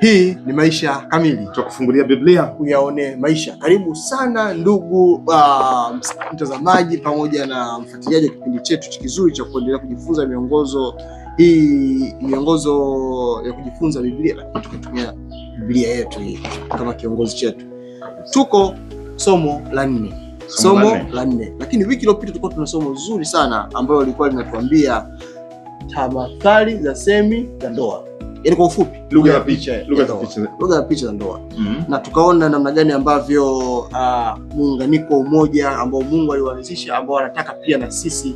Hii ni Maisha Kamili, tutakufungulia Biblia kuyaone maisha. Karibu sana ndugu uh, mtazamaji pamoja na mfuatiliaji wa kipindi chetu kizuri cha kuendelea kujifunza miongozo hii, miongozo ya kujifunza Biblia, lakini tukitumia Biblia yetu hii kama kiongozi chetu. Tuko somo la nne, somo la nne, lakini wiki iliyopita tulikuwa tuna somo zuri sana ambalo lilikuwa linatuambia tamathali za semi za ndoa yani kwa ufupi lugha ya picha, lugha ya picha, lugha ya picha za ndoa mm -hmm. na tukaona namna gani ambavyo uh, muunganiko umoja ambao Mungu aliuanzisha ambao anataka pia na sisi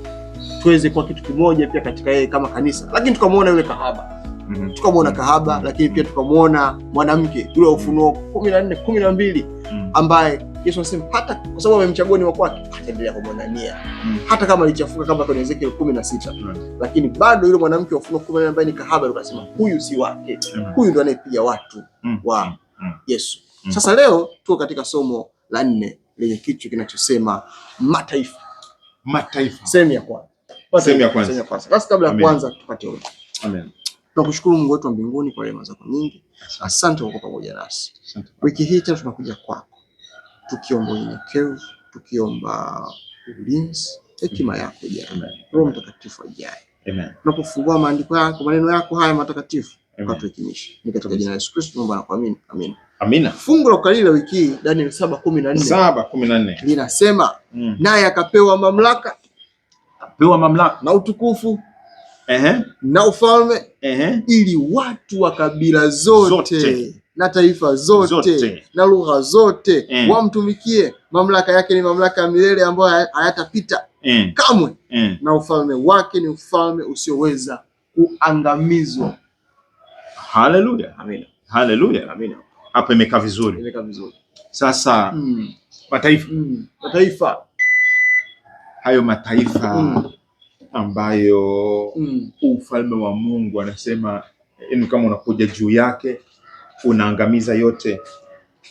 tuweze kuwa kitu kimoja pia katika yeye kama kanisa, lakini tukamwona yule kahaba mm -hmm. tukamwona mm-hmm. kahaba mm -hmm. lakini pia tukamwona mwanamke yule wa Ufunuo kumi na nne kumi na mbili mm-hmm. ambaye Yesu anasema hata kwa sababu amemchagua ni wa kwake, ataendelea kumwonania mm. hata kama alichafuka kama kwenye Ezekiel 16 mm. lakini bado yule mwanamke wa kumi na mbili ni kahaba anasema huyu si wake mm. huyu ndo anayepiga watu mm. wa mm. mm. Yesu mm. Sasa leo tuko katika somo la nne lenye kichwa kinachosema mataifa, mataifa. Sehemu ya kwanza sehemu sehemu ya ya kwanza, basi, kabla ya kwanza tupate ombi. Amen. Tunakushukuru Mungu wetu wa mbinguni kwa rehema zako nyingi. Asante kwa kuwa pamoja nasi wiki hii, tena tunakuja kwako tukiomba unyenyekevu, tukiomba ulinzi, hekima mm-hmm. yako ijae, Roho Mtakatifu ajae, tunapofungua maandiko yako, maneno yako haya matakatifu ukatuhekimisha. Ni katika jina la Yesu Kristo tunaomba na kuamini, amina. Amina. Fungu la ukalili la wiki hii 7:14. 7:14 linasema mm, naye akapewa mamlaka, akapewa mamlaka na utukufu Ehe. na ufalme Ehe. ili watu wa kabila zote, zote na taifa zote, zote, na lugha zote mm. wamtumikie. Mamlaka yake ni mamlaka ya milele ambayo hayatapita mm. kamwe mm. na ufalme wake ni ufalme usioweza kuangamizwa. Haleluya, amina. Haleluya, amina. Hapo imekaa vizuri, imekaa vizuri. Sasa mm. mataifa mm. mataifa hayo mataifa mm. ambayo mm. ufalme wa Mungu anasema kama unakuja juu yake unaangamiza yote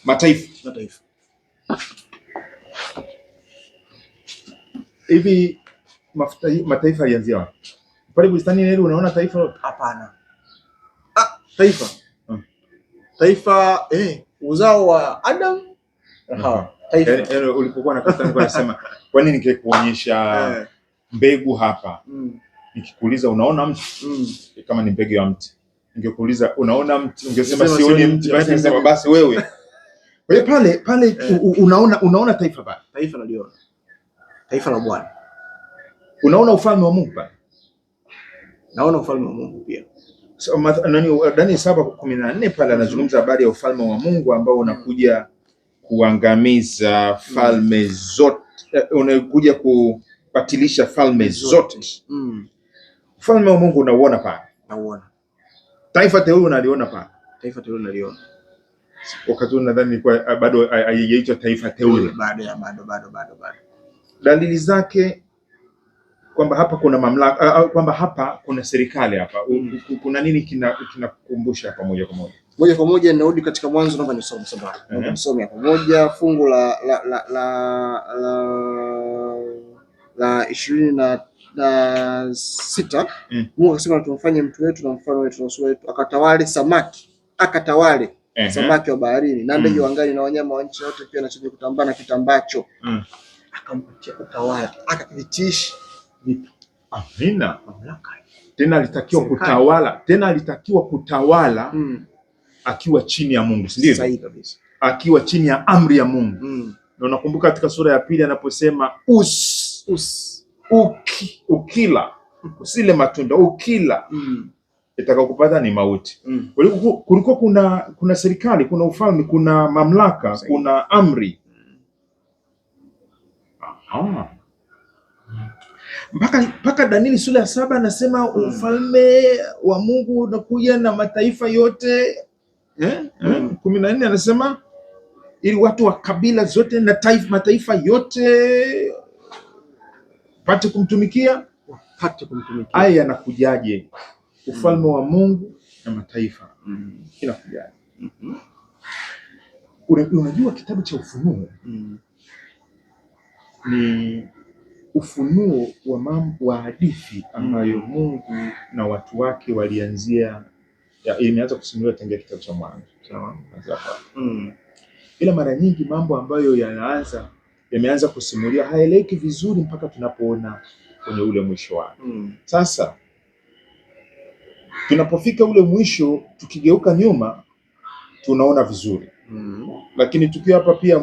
mataifa. Mataifa. Hivi mafuta, mataifa yalianzia wapi? Pale bustani ile unaona taifa Hapana. Ah, taifa. Hmm. Taifa eh, uzao wa Adam. Hmm. Ha, taifa. Eh, eh, ulipokuwa na bustani kwa nasema, kwa nini nikikuonyesha eh. mbegu hapa? Mm. Nikikuuliza unaona mti? Mm. Kama ni mbegu ya mti ningekuuliza unaona mti, ungesema sioni mti, basi ningesema basi wewe. Kwa hiyo pale pale eh. unaona unaona taifa pale. Taifa la naliona. Taifa la Bwana. Unaona ufalme wa Mungu pale. Naona ufalme wa Mungu pia. So, nani uh, Danieli saba kumi na nne pale anazungumza habari ya ufalme wa Mungu ambao unakuja kuangamiza falme mm. zote, eh, unakuja kubatilisha falme zote. Mm. Ufalme wa Mungu unauona pale. Nauona. Taifa Teule unaliona pa. Taifa Teule unaliona. Wakati nadhani nilikuwa eh, bado eh, eh, haijaitwa Taifa Teule. Bado bado bado bado bado. Dalili zake kwamba hapa kuna mamlaka, kwamba hapa kuna serikali hapa. Mm. Kuna nini kinakukumbusha hapa moja kwa moja? Moja kwa moja ninarudi katika mwanzo, naomba nisome sasa. Naomba uh-huh. nisome hapa moja fungu la la la la ishirini na uh, sita mm. Mungu akasema tumfanye mtu wetu na mfano wetu na sura yetu, akatawale samaki akatawale uh -huh. samaki wa baharini na ndege mm. angani na wanyama wa nchi yote, pia na chenye kutambaa na kitambacho mm. akamtia utawala, akakitishi vitu amina, mamlaka tena alitakiwa kutawala tena alitakiwa kutawala mm. akiwa chini ya Mungu, si ndio? Sahihi kabisa, akiwa chini ya amri ya Mungu mm. na unakumbuka katika sura ya pili anaposema us, us uki, ukila usile matunda ukila mm. itakakupata ni mauti mm. kuliko kuna kuna serikali kuna ufalme kuna mamlaka Sahi. kuna amri mm. Aha. Mpaka mpaka Danieli sura ya saba anasema mm. ufalme wa Mungu unakuja na mataifa yote eh? eh. mm. kumi na nne anasema ili watu wa kabila zote na taifa, mataifa yote wapate kumtumikia, wapate kumtumikia. Haya yanakujaje? Ufalme wa Mungu na mataifa mm inakujaje? mm -hmm. Unajua kitabu cha Ufunuo mm. ni ufunuo wa mambo wa hadithi ambayo mm. Mungu na watu wake walianzia, imeanza kusimuliwa tangia kitabu cha Mwanzo mm. ila mara nyingi mambo ambayo yanaanza yameanza kusimuliwa haeleweki vizuri mpaka tunapoona kwenye ule mwisho wake. Mm. Sasa tunapofika ule mwisho, tukigeuka nyuma tunaona vizuri. Mm. Lakini tukiwa hapa pia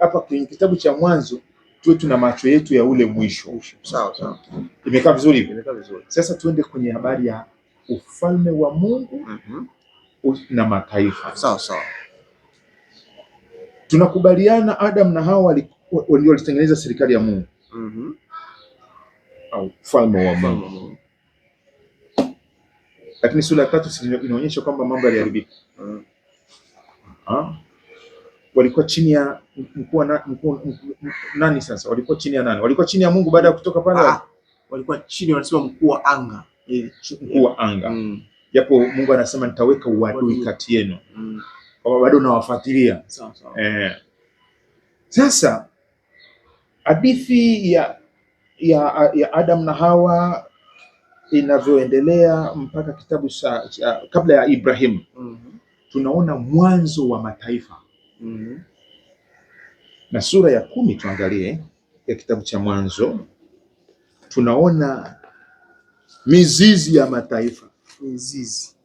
hapa kwenye kitabu cha Mwanzo tuwe tuna macho yetu ya ule mwisho. Sawa sawa. Imekaa vizuri hivi. Imekaa vizuri. Sasa tuende kwenye habari ya ufalme wa Mungu mm -hmm. na mataifa. Sawa sawa tunakubaliana Adam na Hawa ndio walitengeneza serikali ya Mungu mm au falme wa Mungu, lakini sura ya tatu inaonyesha kwamba mambo yaliharibika. mm -hmm. walikuwa chini ya mkuu na, mkuu nani sasa? walikuwa chini ya nani? walikuwa chini ya Mungu baada ya kutoka pale ah, walikuwa chini, wanasema mkuu wa anga, mkuu wa anga, mm. japo Mungu anasema nitaweka uadui kati yenu mm kwamba bado unawafuatilia eh. Sasa hadithi ya, ya, ya Adam na Hawa inavyoendelea mpaka kitabu cha, cha kabla ya Ibrahim mm -hmm. tunaona mwanzo wa mataifa mm -hmm. na sura ya kumi tuangalie ya kitabu cha Mwanzo tunaona mizizi ya mataifa mizizi.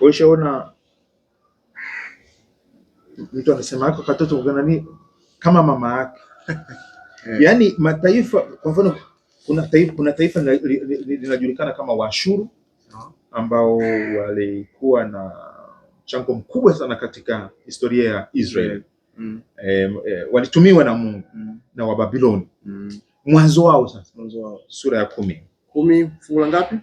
Ushaona mtu anasema yako katoto nani kama mama yake eh. yani mataifa kwa mfano kuna taifa, kuna taifa linajulikana kama washuru ambao walikuwa na mchango mkubwa sana katika historia ya Israel eh. mm. E, e, walitumiwa na Mungu mm. na Wababiloni mm. mwanzo wao sasa, mwanzo wao sura ya kumi kumi fungu la ngapi?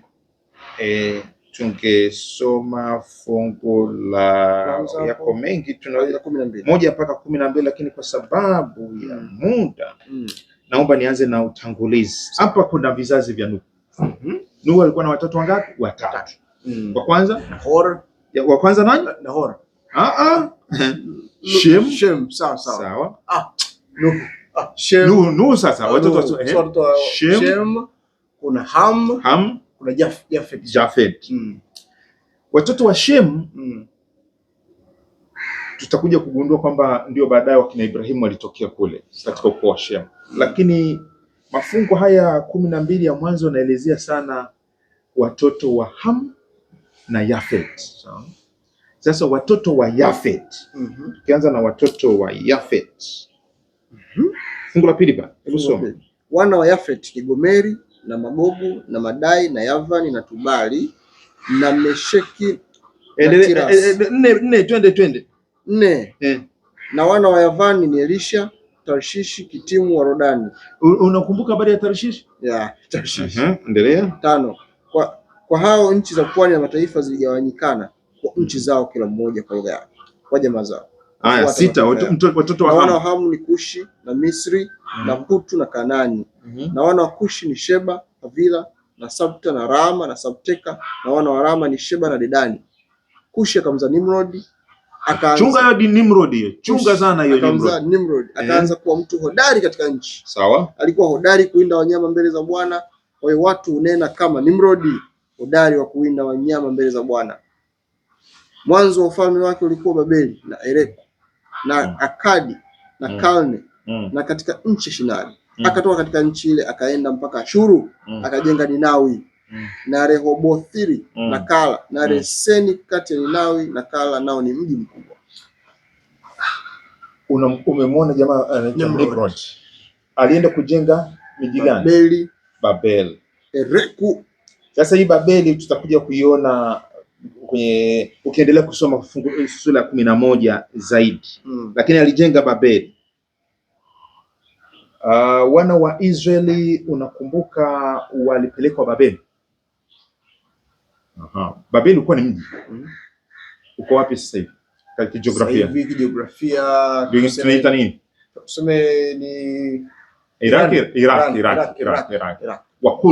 e, tunge soma fungu la yako mengi tunaweza moja mpaka kumi na mbili, lakini kwa sababu ya mm. muda mm. naomba nianze na utangulizi hapa. Kuna vizazi vya Nuhu. mm -hmm. Nuhu alikuwa na watoto wangapi? Watatu. mm. wa kwanza Nahor, wa kwanza nani? Nahor. ah ah eh? Shem. Shem. sawa sawa sawa. ah Nuhu ah Shem. Nuhu, Nuhu sasa watoto Shem. Shem. kuna Ham. Ham kuna Jafet. Jafet. Mm. Watoto wa Shem mm. tutakuja kugundua kwamba ndio baadaye wakina Ibrahimu walitokea kule katika ukoo wa Shem mm. lakini mafungo haya kumi na mbili ya mwanzo yanaelezea sana watoto wa Ham na Yafet. So. Sasa watoto wa Yafet mm-hmm. tukianza mm -hmm. na watoto wa Yafet mm -hmm. fungu la pili bana, hebu Wana wa Yafet ni Gomeri na Magogu na Madai na Yavani na Tubali na Mesheki e, e, e, nne twende twende nne na wana wa Yavani ni Elisha, Tarshishi, Kitimu wa Rodani. Unakumbuka habari ya Tarshishi? Ya, Tarshishi. Uh -huh. Endelea. Tano. Kwa, kwa hao nchi za pwani na mataifa ziligawanyikana kwa nchi zao kila mmoja kwa lugha yake kwa jamaa zao Haya sita watoto wa wana wa Hamu ni Kushi na Misri mm. na Putu na Kanani mm -hmm. na wana wa Kushi ni Sheba, Havila na Sabta na Rama na Sabteka na wana wa Rama ni Sheba na Dedani. Kushi akamza Nimrod akaanza chunga hiyo Nimrod hiyo chunga sana hiyo Nimrod akamza Nimrod eh. akaanza kuwa mtu hodari katika nchi. Sawa, alikuwa hodari kuinda wanyama mbele za Bwana. Kwa hiyo watu unena kama Nimrod, hodari wa kuinda wanyama mbele za Bwana. Mwanzo wa ufalme wake ulikuwa Babeli na Ereko na mm. Akadi na mm. Kalne mm. na katika nchi Shinari. Akatoka katika nchi ile akaenda mpaka Ashuru akajenga Ninawi na Rehobothiri na Kala na Reseni. Kati ya Ninawi na Kala nao ni mji mkubwa. Umemwona jamaa uh, alienda kujenga miji gani? Babeli, Babeli, Ereku. Sasa hii Babeli tutakuja kuiona kwenye ukiendelea kusoma fungu eh, sura ya kumi na moja zaidi mm. Lakini alijenga Babeli. Uh, wana wa Israeli unakumbuka, walipelekwa Babeli. Aha. Babeli ulikuwa ni mji mm. Uko wapi sasa hivi katika jiografia? Sasa hivi jiografia tunaita nini? Tuseme ni Iraq, Iraq, Iraq, Iraq, Iraq. Iraq, Iraq,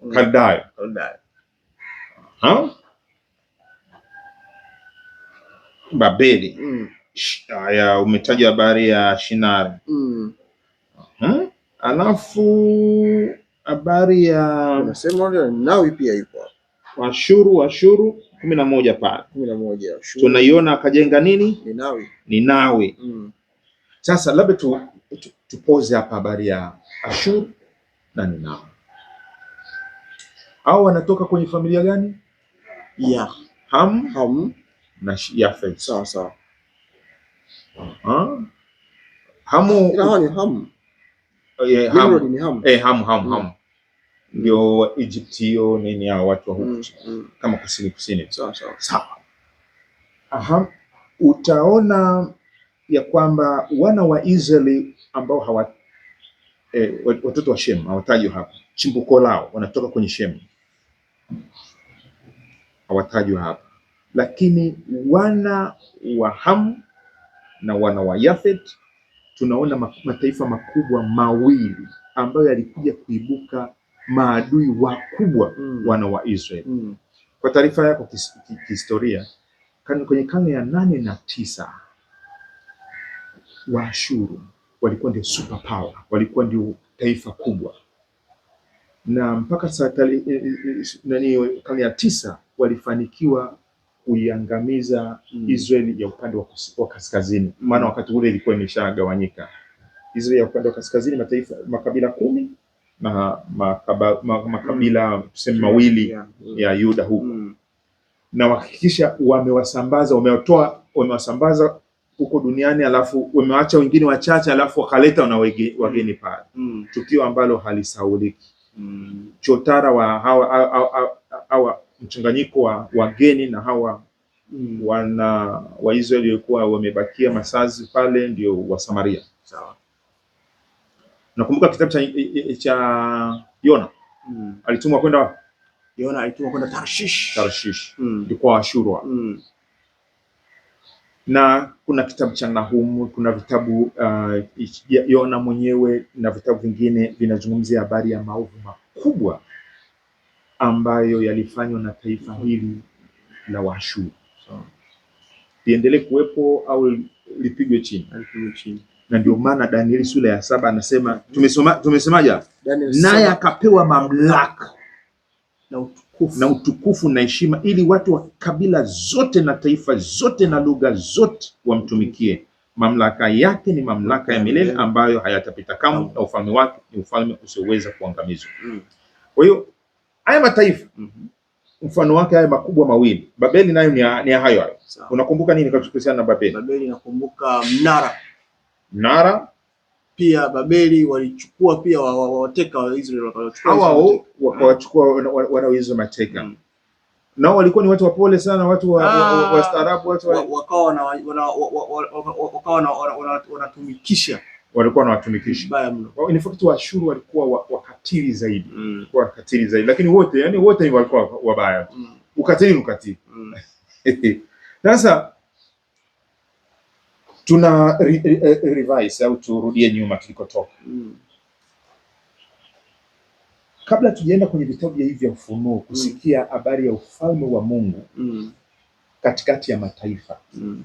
Iraq, Iraq, Iraq Ha? Babeli. Mm. umetaja habari ya Shinari. Mm. Aha. Alafu habari ya unasema Nawi Washuru Washuru kumi na moja pale tunaiona akajenga nini? Ninawi. Ninawi. Mm. Sasa labda tu, tu, tupoze hapa habari ya Ashuru na Ninawi. Hao wanatoka kwenye familia gani? ya ham, ham na Sawa Hamu ni ham. Oh, ham. Eh, ham ham mm. ham. Ndio Egyptio nini hao watu wa huko. Mm, mm. Kama kusini kusini. Sawa sawa. Sawa. Aha. Utaona ya kwamba wana wa Israeli ambao hawa eh, watoto wa Shem hawatajwa hapa. Chimbuko lao wanatoka kwenye Shem hawatajwa hapa, lakini wana wa Ham na wana wa Yafet tunaona mataifa makubwa mawili ambayo yalikuja kuibuka maadui wakubwa mm. wana wa Israel mm. Kwa taarifa yako kihistoria, kwenye karne ya nane na tisa Waashuru walikuwa ndio superpower, walikuwa ndio taifa kubwa, na mpaka saa nani karne ya tisa walifanikiwa kuiangamiza mm. Israeli ya upande wa kaskazini, maana hmm. wakati ule ilikuwa imeshagawanyika Israeli ya upande wa kaskazini, mataifa makabila kumi na makaba, makabila mm. tuseme mawili yeah, yeah. ya Yuda huko mm. na wahakikisha wamewasambaza wamewatoa wamewasambaza huko duniani, alafu wamewacha wengine wachache, alafu wakaleta na hmm. wageni pale mm. tukio ambalo halisauliki mm. chotara wa hawa, hawa, hawa, hawa mchanganyiko wa wageni na hawa mm, wana Waisraeli walikuwa wamebakia Masazi pale ndio Wasamaria. Sawa. Nakumbuka kitabu cha, eh, eh, cha Yona mm. alitumwa kwenda Yona alitumwa kwenda Tarshish. Tarshish. Mm. kwa Ashuru. Mm. Na kuna kitabu cha Nahumu, kuna vitabu uh, Yona mwenyewe na vitabu vingine vinazungumzia habari ya maovu makubwa ambayo yalifanywa na taifa hili la washuru liendelee kuwepo au lipigwe chini, Na ndio maana Danieli sura ya saba anasema tumesoma, tumesemaje? Naye akapewa mamlaka na utukufu na utukufu na heshima, ili watu wa kabila zote na taifa zote na lugha zote wamtumikie. Mamlaka yake ni mamlaka ya milele ambayo hayatapita kamwe, na ufalme wake ni ufalme usioweza kuangamizwa. Mm. Kwa hiyo haya mataifa mm -hmm. mfano wake haya makubwa mawili, Babeli nayo ni ni hayo hayo. Unakumbuka nini kuhusiana na Babeli? Babeli nakumbuka mnara, mnara pia Babeli walichukua pia wawateka wa Israel wakawachukua hao wakawachukua ah. wanaoizo mateka mm. Nao walikuwa ni watu wa pole sana, watu wastaarabu, ah. watu wakawa wakawa wanatumikisha walikuwa wanawatumikisha. In fact Waashuru walikuwa wakatili zaidi, mm. wakatili zaidi, lakini wote yani wote walikuwa wabaya mm. ukatili ni ukatili mm. sasa. tuna re re revise au turudie nyuma tulikotoka mm. kabla tujaenda kwenye vitabu vya hivi vya ufunuo mm. kusikia habari mm. ya ufalme wa Mungu mm. katikati ya mataifa mm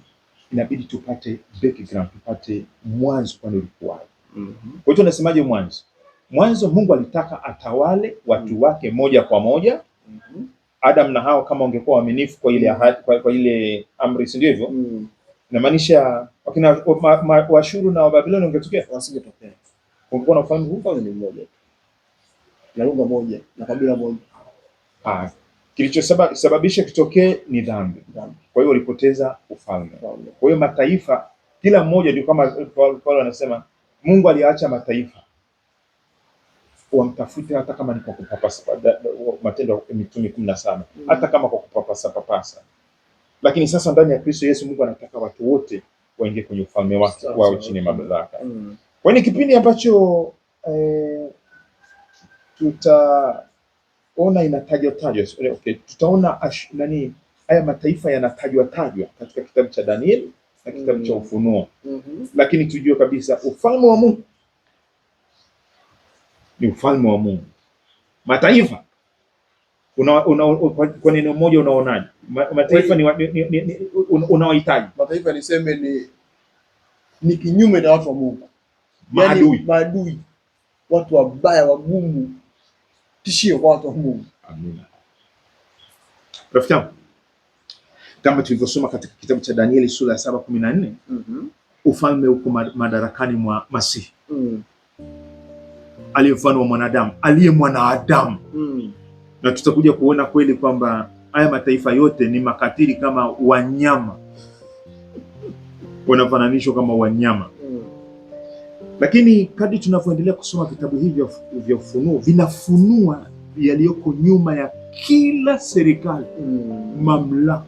inabidi tupate background, tupate mwanzo, kwani ulikuwaje? mm -hmm. Kwa hiyo tunasemaje mwanzo? Mwanzo Mungu alitaka atawale watu mhm. wake moja kwa moja mm -hmm. Adam na Hawa kama ungekuwa waaminifu kwa ile ahadi, kwa, kwa ile amri, si ndio hivyo? mm. Inamaanisha wakina Washuru na Wababiloni ungetokea wasingetokea, ungekuwa na ufalme huu ni mmoja na lugha moja na kabila moja. Ah, kilichosababisha kitokee ni dhambi. Kwa hiyo walipoteza ufalme. Kwa hiyo mataifa, kila mmoja ndio kama Paulo anasema Mungu aliacha mataifa wamtafute hata kama ni kwa kupapasa, Matendo ya Mitume kumi na saba, mm. hata kama kwa kupapasa papasa. Lakini sasa ndani ya Kristo Yesu Mungu anataka watu wote waingie kwenye ufalme wake, wao chini ya mamlaka. Mm. Kwa hiyo ni kipindi ambacho eh, tuta ona inatajwa tajwa, okay. Tutaona ash, nani haya mataifa yanatajwa tajwa katika kitabu cha daniel na kitabu cha mm-hmm. Ufunuo mm -hmm. Lakini tujue kabisa ufalme wa Mungu ni ufalme wa Mungu. Mataifa una, una, una, kwa neno moja unaonaje mataifa unawahitaji mataifa? Niseme ni ni kinyume na watu wa Mungu, yaani maadui, yani maadui, watu wabaya, wagumu Tishie watu wa Mungu. Amina. Rafiki yangu, kama tulivyosoma katika kitabu cha Danieli sura ya saba kumi na nne mm -hmm. Ufalme uko madarakani mwa Masihi mm. aliye mfano wa mwanadamu aliye mwanadamu mm. na tutakuja kuona kweli kwamba haya mataifa yote ni makatili kama wanyama, wanafananishwa kama wanyama lakini kadri tunavyoendelea kusoma vitabu hivi vya Ufunuo vinafunua yaliyoko nyuma ya kila serikali mm. mamlaka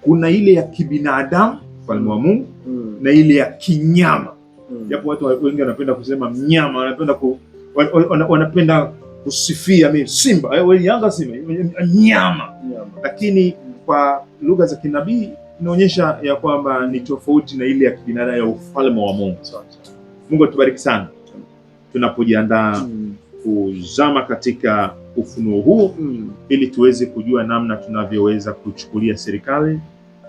Kuna ile ya kibinadamu falme wa Mungu mm. na ile ya kinyama mm. japo mm. watu wengi wanapenda kusema mnyama, wanapenda ku, wanapenda kusifia mimi simba, Yanga simba, nyama, nyama. Lakini kwa lugha za kinabii inaonyesha ya kwamba ni tofauti na ile ya kibinadamu ya ufalme wa Mungu. Mungu atubariki sana tunapojiandaa mm. kuzama katika ufunuo huu mm. ili tuweze kujua namna tunavyoweza kuchukulia serikali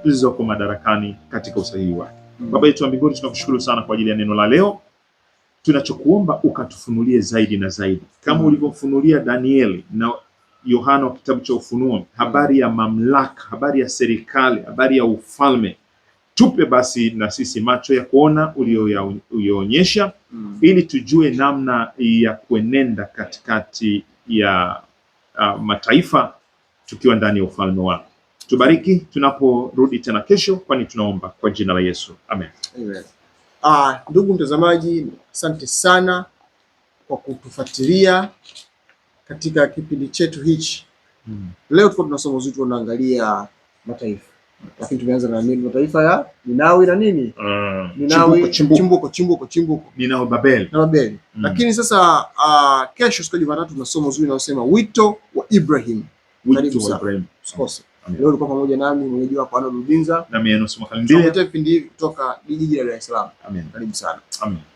zilizoko madarakani katika usahihi wake. mm. Baba yetu wa mbinguni, tunakushukuru sana kwa ajili ya neno la leo, tunachokuomba ukatufunulie zaidi na zaidi kama mm. ulivyofunulia Danieli na Yohana wa kitabu cha Ufunuo, habari ya mamlaka, habari ya serikali, habari ya ufalme. Tupe basi na sisi macho ya kuona uliyoonyesha, mm. ili tujue namna ya kuenenda katikati ya uh, mataifa tukiwa ndani ya ufalme wako. Tubariki tunaporudi tena kesho, kwani tunaomba kwa jina la Yesu, amen, amen. Uh, ndugu mtazamaji, asante sana kwa kutufuatilia katika kipindi chetu hichi mm. Leo tuko tuna somo uzito, tunaangalia mataifa, lakini tumeanza na nini? Mataifa ya Ninawi na nini, Ninawi, ah, chimbuko chimbuko chimbuko, chimbuko. Ninawi, Babeli na Babeli. Hmm. Lakini sasa uh, kesho siku ya Jumatatu tunasoma uzuri unaosema wito wa Ibrahim. Wito wa Ibrahim, usikose. Leo ulikuwa pamoja nami mwenyeji wako Arnold Rubinza, mimi Enos Makalindile, vipindi hivi kutoka jiji la Dar es Salaam. Amen. Karibu sana. Amen.